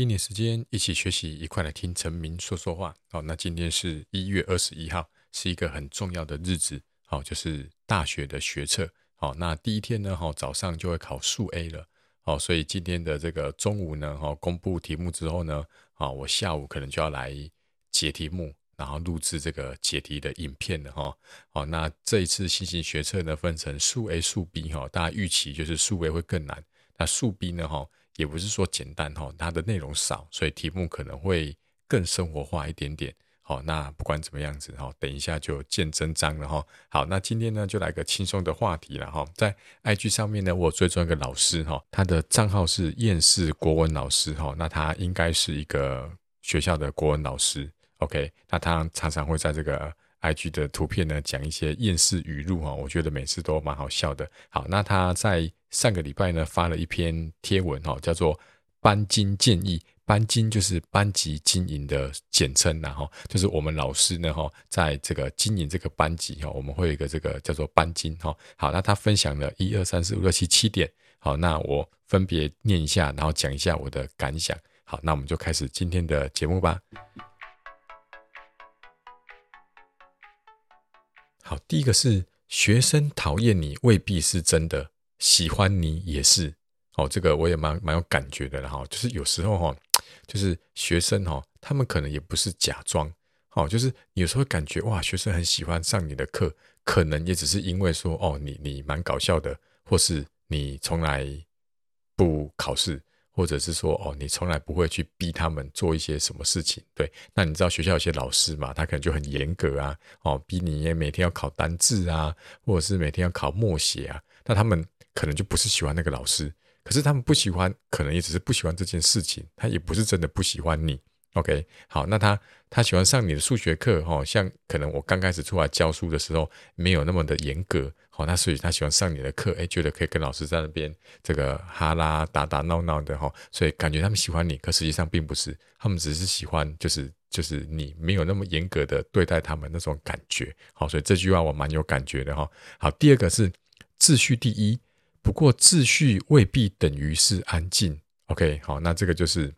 一年時間，一起學習，一塊來聽陳明說說話。好、哦，那今天是一月二十一號，是一個很重要的日子。好、哦，就是大學的學測。好、哦，那第一天呢，哈、哦，早上就會考數 A 了。好、哦，所以今天的這個中午呢，哈、哦，公布題目之後呢，哈、哦，我下午可能就要來解題目，然後錄制這個解題的影片了。哈、哦。好、哦，那這一次新型學測呢，分成數 A、數 B 哈、哦，大家預期就是數 A 會更難，那數 B 呢，哈、哦。也不是說簡單哈，它的內容少，所以題目可能會更生活化一點點。好，那不管怎麼樣子哈，等一下就見真章了哈。好，那今天呢就來個輕鬆的話題了哈。在 IG 上面呢，我追蹤一個老師哈，他的賬號是厭世國文老師哈。那他應該是一個學校的國文老師。OK，那他常常會在這個。IG 的圖片呢，講一些厭世語錄哈、哦，我覺得每次都蠻好笑的。好，那他在上個禮拜呢發了一篇貼文哈、哦，叫做班經建議。班經就是班級經營的簡稱，然後，哈、哦，就是我們老師呢哈、哦，在這個經營這個班級哈、哦，我們會有一個這個叫做班經哈、哦。好，那他分享了一二三四五六七七點，好，那我分別念一下，然後講一下我的感想。好，那我們就開始今天的節目吧。好，第一個是學生討厭你未必是真的，喜歡你也是。哦，這個我也蠻蠻有感覺的，的，然後就是有時候哈、哦，就是學生哈、哦，他們可能也不是假裝，哦，就是有時候感覺哇，學生很喜歡上你的課，可能也只是因為說哦，你你蠻搞笑的，或是你從來不考試。或者是說，哦，你從來不會去逼他們做一些什麼事情，對。那你知道學校有些老師嘛，他可能就很嚴格啊，哦，逼你也每天要考單字啊，或者是每天要考默寫啊，那他們可能就不是喜歡那個老師，可是他們不喜歡，可能也只是不喜歡這件事情，他也不是真的不喜歡你。OK，好，那他他喜歡上你的數學課，哈、哦，像可能我剛開始出來教書的時候，沒有那麼的嚴格，好、哦，那所以他喜歡上你的課，哎，覺得可以跟老師在那邊這個哈拉打打鬧鬧的，哈、哦，所以感覺他們喜歡你，可實際上並不是，他們只是喜歡、就是，就是就是你沒有那麼嚴格的對待他們那種感覺，好、哦，所以這句話我蠻有感覺的哈、哦。好，第二個是秩序第一，不過秩序未必等於是安靜，OK，好、哦，那這個就是。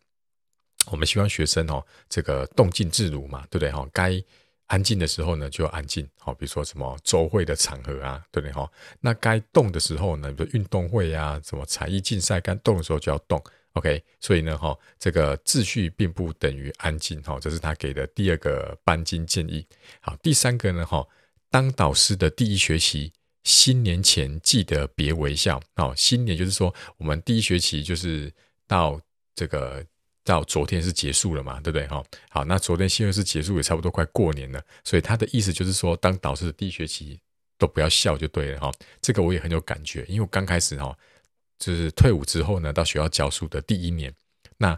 我們希望學生哈、哦，這個動靜自如嘛，對不對哈？該安靜的時候呢，就要安靜。好，比如說什麼週會的場合啊，對不對哈？那該動的時候呢，比如運動會啊，什麼才藝競賽，該動的時候就要動。OK，所以呢哈，這個秩序並不等於安靜。哈，這是他給的第二個班經建議。好，第三個呢哈，當導師的第一學期，新年前記得別微笑。哦，新年就是說，我們第一學期就是到這個。到昨天是結束了嘛，對不對？好好，那昨天新聞是結束，也差不多快過年了。所以他的意思就是說，當導師的第一學期都不要笑就對了哈。這個我也很有感覺，因為我剛開始哈，就是退伍之後呢，到學校教書的第一年，那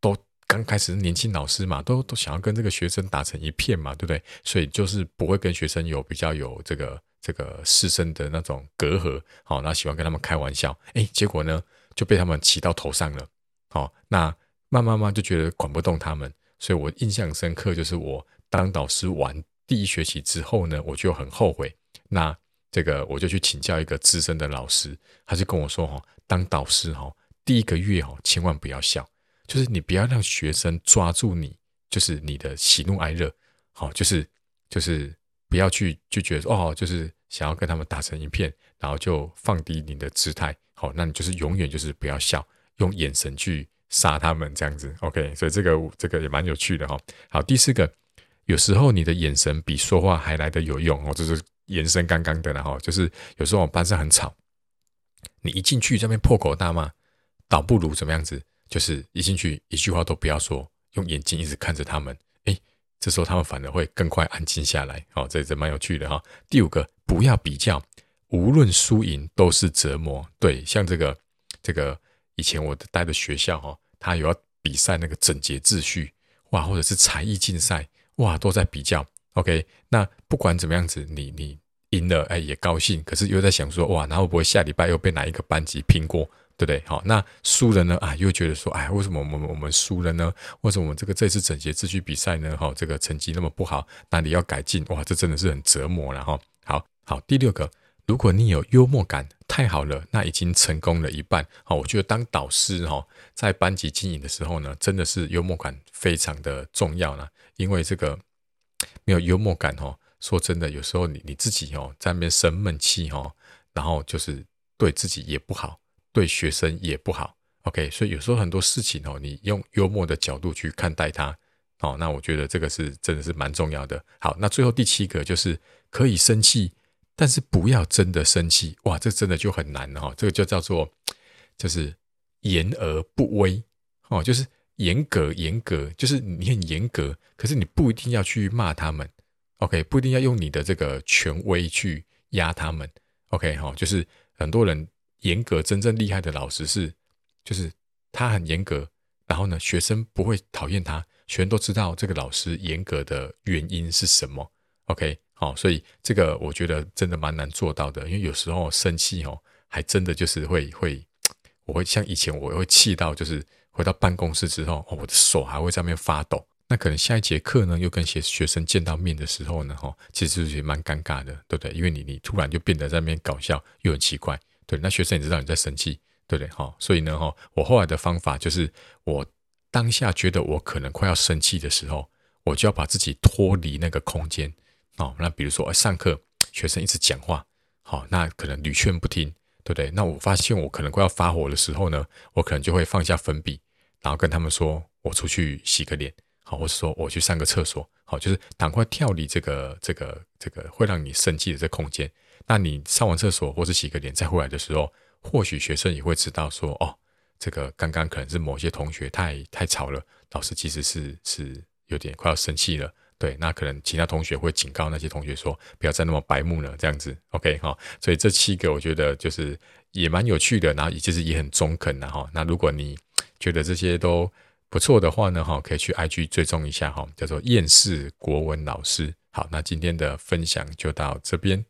都剛開始年輕老師嘛，都都想要跟這個學生打成一片嘛，對不對？所以就是不會跟學生有比較有這個這個師生的那種隔閡。好，那喜歡跟他們開玩笑，哎，結果呢就被他們騎到頭上了，好，那。慢慢慢就覺得管不動他們，所以我印象深刻就是我當導師完第一學期之後呢，我就很後悔。那這個我就去請教一個資深的老師，他就跟我說：“哦，當導師哈，第一個月哈，千萬不要笑，就是你不要讓學生抓住你，就是你的喜怒哀樂，好，就是就是不要去就覺得哦，就是想要跟他們打成一片，然後就放低你的姿態，好，那你就是永遠就是不要笑，用眼神去。”殺他們這樣子，OK，所以這個這個也蠻有趣的哈、哦。好，第四個，有時候你的眼神比說話還來得有用哦，就是眼神剛剛的哈、哦，就是有時候我們班上很吵，你一進去這邊破口大罵，倒不如怎麼樣子，就是一進去一句話都不要說，用眼睛一直看着他們，誒，這時候他們反而會更快安靜下來，哦，這也是蠻有趣的哈、哦。第五個，不要比較，無論輸贏都是折磨，對，像這個這個以前我的待的學校哦。他有要比賽那個整潔秩序哇，或者是才藝競賽哇，都在比較。OK，那不管怎麼樣子，你你贏了哎、欸、也高興，可是又在想說哇，那會不會下禮拜又被哪一個班級拼過，對不對？好、哦，那輸了呢啊，又覺得說哎，為什麼我們我們輸了呢？為什麼我們這個這次整潔秩序比賽呢？哈、哦，這個成績那麼不好，那你要改進？哇，這真的是很折磨啦，然、哦、後好好第六個，如果你有幽默感。太好了，那已經成功了一半。好，我覺得當導師哦，在班級經營的時候呢，真的是幽默感非常的重要呢。因為這個沒有幽默感哦，說真的，有時候你你自己哦，在那邊生悶氣哦，然後就是對自己也不好，對學生也不好。OK，所以有時候很多事情哦，你用幽默的角度去看待它哦，那我覺得這個是真的是蠻重要的。好，那最後第七個就是可以生氣。但是不要真的生氣，哇，這真的就很難哦，這個就叫做，就是嚴而不威哦，就是嚴格嚴格，就是你很嚴格，可是你不一定要去罵他們，OK，不一定要用你的這個權威去壓他們，OK 哦，就是很多人嚴格真正厲害的老師是，就是他很嚴格，然後呢，學生不會討厭他，全都知道這個老師嚴格的原因是什麼，OK。好、哦，所以這個我覺得真的蠻難做到的，因為有時候生氣哦，還真的就是會會，我會像以前我會氣到，就是回到辦公室之後，哦，我的手還會在那邊發抖。那可能下一節課呢，又跟學學生見到面的時候呢，哦，其實也蠻尷尬的，對不對？因為你你突然就變得在那邊搞笑又很奇怪，對，那學生也知道你在生氣，對不對？哦，所以呢，哦，我後來的方法就是，我當下覺得我可能快要生氣的時候，我就要把自己脫離那個空間。哦，那比如說，哎、呃，上課學生一直講話，好、哦，那可能屢勸不聽，對不對？那我發現我可能快要發火的時候呢，我可能就會放下粉筆，然後跟他們說，我出去洗個臉，好、哦，或是說我去上個廁所，好、哦，就是趕快跳離這個這個這個、這個、會讓你生氣的這空間。那你上完廁所或是洗個臉再回來的時候，或許學生也會知道說，哦，這個剛剛可能是某些同學太太吵了，老師其實是是有點快要生氣了。對，那可能其他同學會警告那些同學說，不要再那麼白目了，這樣子，OK 哈、哦。所以這七個我覺得就是也蠻有趣的，然後其實也很中肯的哈、哦。那如果你覺得這些都不錯的話呢，哈、哦，可以去 IG 追蹤一下哈、哦，叫做厭世國文老師。好，那今天的分享就到這邊。